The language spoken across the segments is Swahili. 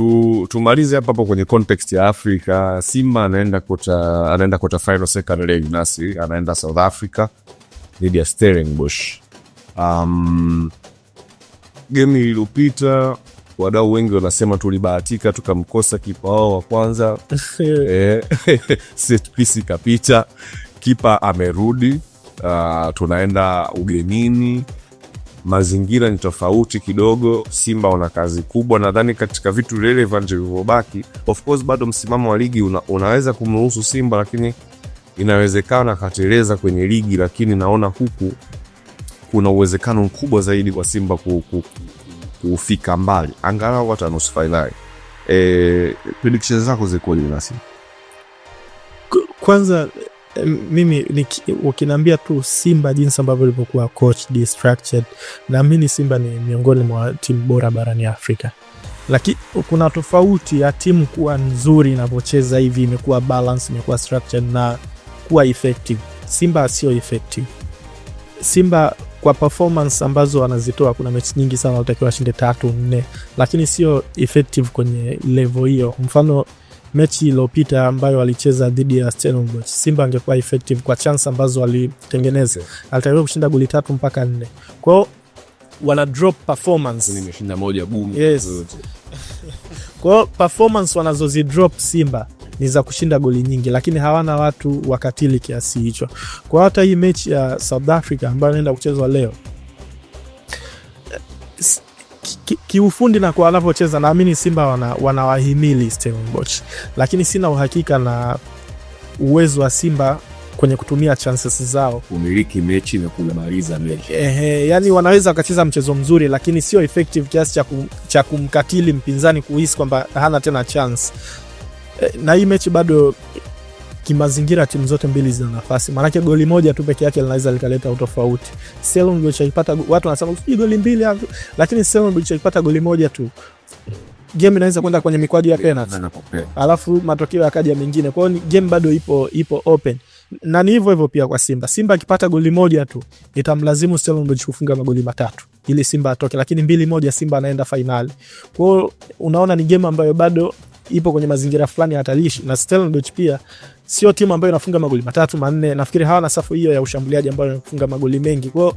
tu, tumalize hapa hapo kwenye context ya Afrika. Simba anaenda kota, anaenda kota final second leg nasi anaenda South Africa dhidi ya Stellenbosch. Um, gemi iliyopita wadau wengi wanasema tulibahatika tukamkosa kipa wao wa kwanza eh, set piece ikapita, kipa amerudi. Uh, tunaenda ugenini mazingira ni tofauti kidogo. Simba wana kazi kubwa, nadhani katika vitu relevant vilivyobaki, of course bado msimamo wa ligi una, unaweza kumruhusu Simba, lakini inawezekana kateleza kwenye ligi, lakini naona huku kuna uwezekano mkubwa zaidi kwa Simba ku, ku, kufika mbali angalau hata nusu fainali. E, prediction zako zikoje? Nasi kwanza mimi ukiniambia tu Simba jinsi ambavyo ilivyokuwa coach distracted, naamini Simba ni miongoni mwa timu bora barani Afrika, lakini kuna tofauti ya timu kuwa nzuri inavyocheza hivi, imekuwa balance, imekuwa structured na kuwa effective. Simba sio effective. Simba kwa performance ambazo wanazitoa, kuna mechi nyingi sana walitakiwa washinde tatu nne, lakini sio effective kwenye level hiyo. Mfano mechi iliyopita ambayo walicheza dhidi ya Stellenbosch, Simba angekuwa effective kwa chance ambazo walitengeneza Okay. Alitakiwa kushinda goli tatu mpaka nne kwao wana drop performance. Nimeshinda moja boom. Yes. hiyo performance wanazozi drop Simba ni za kushinda goli nyingi, lakini hawana watu wakatili kiasi hicho. Kwa hata hii mechi ya South Africa ambayo inaenda kuchezwa leo eh, kiufundi ki na kwa wanavyocheza, naamini Simba wana, wanawahimili Stellenbosch, lakini sina uhakika na uwezo wa Simba kwenye kutumia chances zao kumiliki mechi na kumaliza mechi. Ehe, yani wanaweza wakacheza mchezo mzuri, lakini sio effective kiasi cha, kum, cha kumkatili mpinzani kuhisi kwamba hana tena chance. E, na hii mechi bado kimazingira timu zote mbili zina nafasi, maanake goli moja tu peke yake linaweza likaleta utofauti. Selonville alipata, watu wanasema sijui goli mbili, lakini Selonville alipata goli moja tu, game inaweza kwenda kwenye mikwaju ya penalty, alafu matokeo yakaja mengine. Kwa hiyo game bado ipo, ipo open na ni hivyo hivyo pia kwa Simba. Simba akipata goli moja tu itamlazimu Stellenbosch kufunga magoli matatu ili Simba atoke, lakini mbili moja Simba anaenda fainali. Kwa hiyo unaona ni game ambayo bado ipo kwenye mazingira fulani hatarishi, na Stellenbosch pia sio timu ambayo inafunga magoli matatu manne. Nafikiri hawana safu hiyo ya ushambuliaji ambayo inafunga magoli mengi kwao,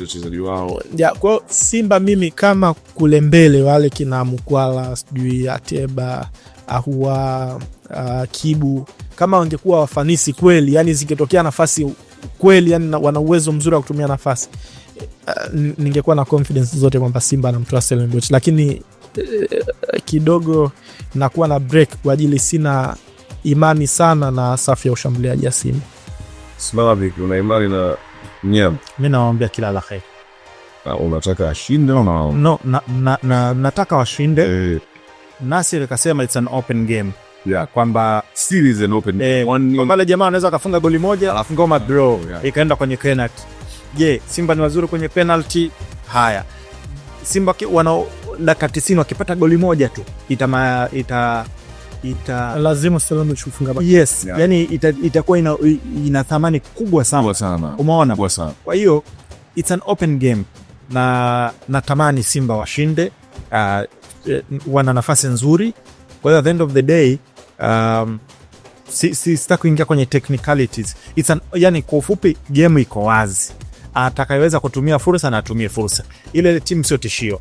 wachezaji wao ya kwao. Simba mimi kama kule mbele wale kina Mkwala, sijui Ateba, Ahua, uh, Kibu, kama wangekuwa wafanisi kweli, yani zingetokea nafasi kweli, yani wana uwezo mzuri wa kutumia nafasi, uh, ningekuwa na confidence zote kwamba Simba anamtoa Stellenbosch, lakini Eh, kidogo nakuwa na break kwa ajili, sina imani sana na safu ya ushambuliaji ya Simba. vipi, una imani na nyama? Mi nawaambia kila la heri. Unataka ashinde? No, na, na, na, nataka washinde hey. Eh. Nasir kasema it's an open game Yeah. Kwamba series an open eh, pale jamaa anaweza akafunga goli moja alafu ngoma draw oh, yeah, ikaenda kwenye penalty. Je, Simba ni wazuri kwenye penalty? Haya, Simba wana dakika tisini wakipata goli moja tu itama, ita ita lazima Salama kufunga Yes, yeah. Yani itakuwa ita ina, ina thamani kubwa sana, sana. Umeona? Kwa hiyo it's an open game na natamani Simba washinde. Uh, eh, wana nafasi nzuri. Kwa hiyo at the end of the day um, si, si sitaki kuingia kwenye technicalities. It's an, yani kwa ufupi game iko wazi, atakayeweza kutumia fursa na atumie fursa ile, timu sio tishio.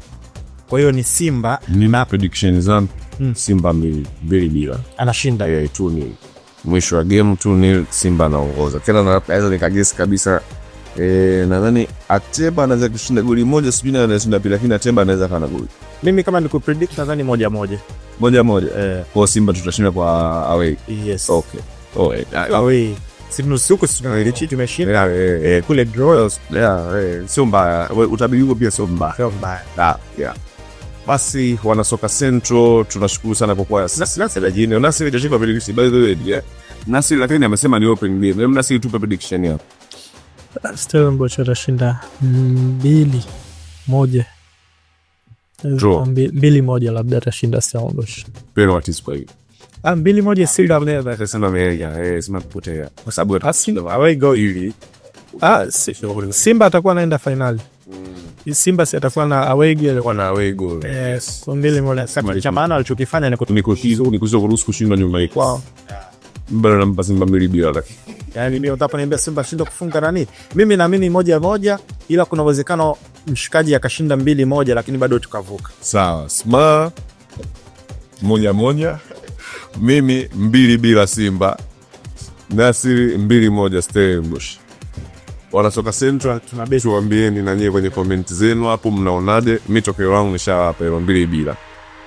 Kwa hiyo ni Simba, nina prediction zangu hmm. Simba mbili mbili bila anashinda yeye eh, tu, ni mwisho wa game tu ni Simba anaongoza tena, naweza nikagesi kabisa E, nadhani Ateba anaweza kushinda goli moja, sijui anashinda pili, lakini Ateba anaweza kana goli. Mimi kama niku predict nadhani moja moja moja moja eh, kwa Simba tutashinda kwa away. Yes, okay, oh eh, ah, ah. away sinusuko sisi oh. tumeshinda eh, eh kule draw, yeah, sio mbaya. Utabiri huo pia sio mbaya, sio mbaya, ah, yeah. Basi wanasoka Central, tunashukuru sana kwa kuwa nasi eh. lakini amesema ni open game. Nasri, tupe prediction yako. Stellenbosch atashinda mbili moja, mbili moja, labda atashinda Stellenbosch ah, mbili moja, si eh, kwa sababu ah, ah, Simba atakuwa anaenda fainali. Simba si atakuwa na away goal, kwa na away goal. Yes, mbili moja. Sasa cha maana alichokifanya ni kutumikizo ni kuruhusu kushinda nyuma nyumbani kwao. Mbona nampa Simba mbili bila. yani, mimi utapa niambia Simba shinda kufunga nani? Mimi naamini moja moja ila kuna uwezekano mshikaji akashinda mbili moja lakini bado tukavuka. Sawa. Sma moja moja. Mimi mbili bila Simba. Nasiri mbili moja Stellenbosch. Wanatoka Central tunabeti, tuambieni na nyewe kwenye comment zenu hapo, mnaonaje? Mi tokeo langu nishawapa hilo mbili bila.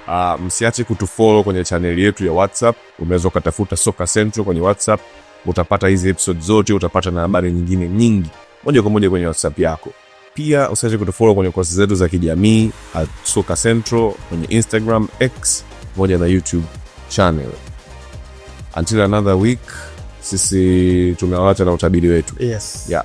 Uh, msiache kutufollow kwenye chaneli yetu ya WhatsApp. Unaweza ukatafuta Soka Central kwenye WhatsApp, utapata hizi episode zote, utapata na habari nyingine nyingi moja kwa moja kwenye WhatsApp yako. Pia usiache kutufollow kwenye kosi zetu za kijamii at Soka Central kwenye Instagram, X moja na YouTube channel. Until another week, sisi tumewacha na utabiri wetu. Yes. Yeah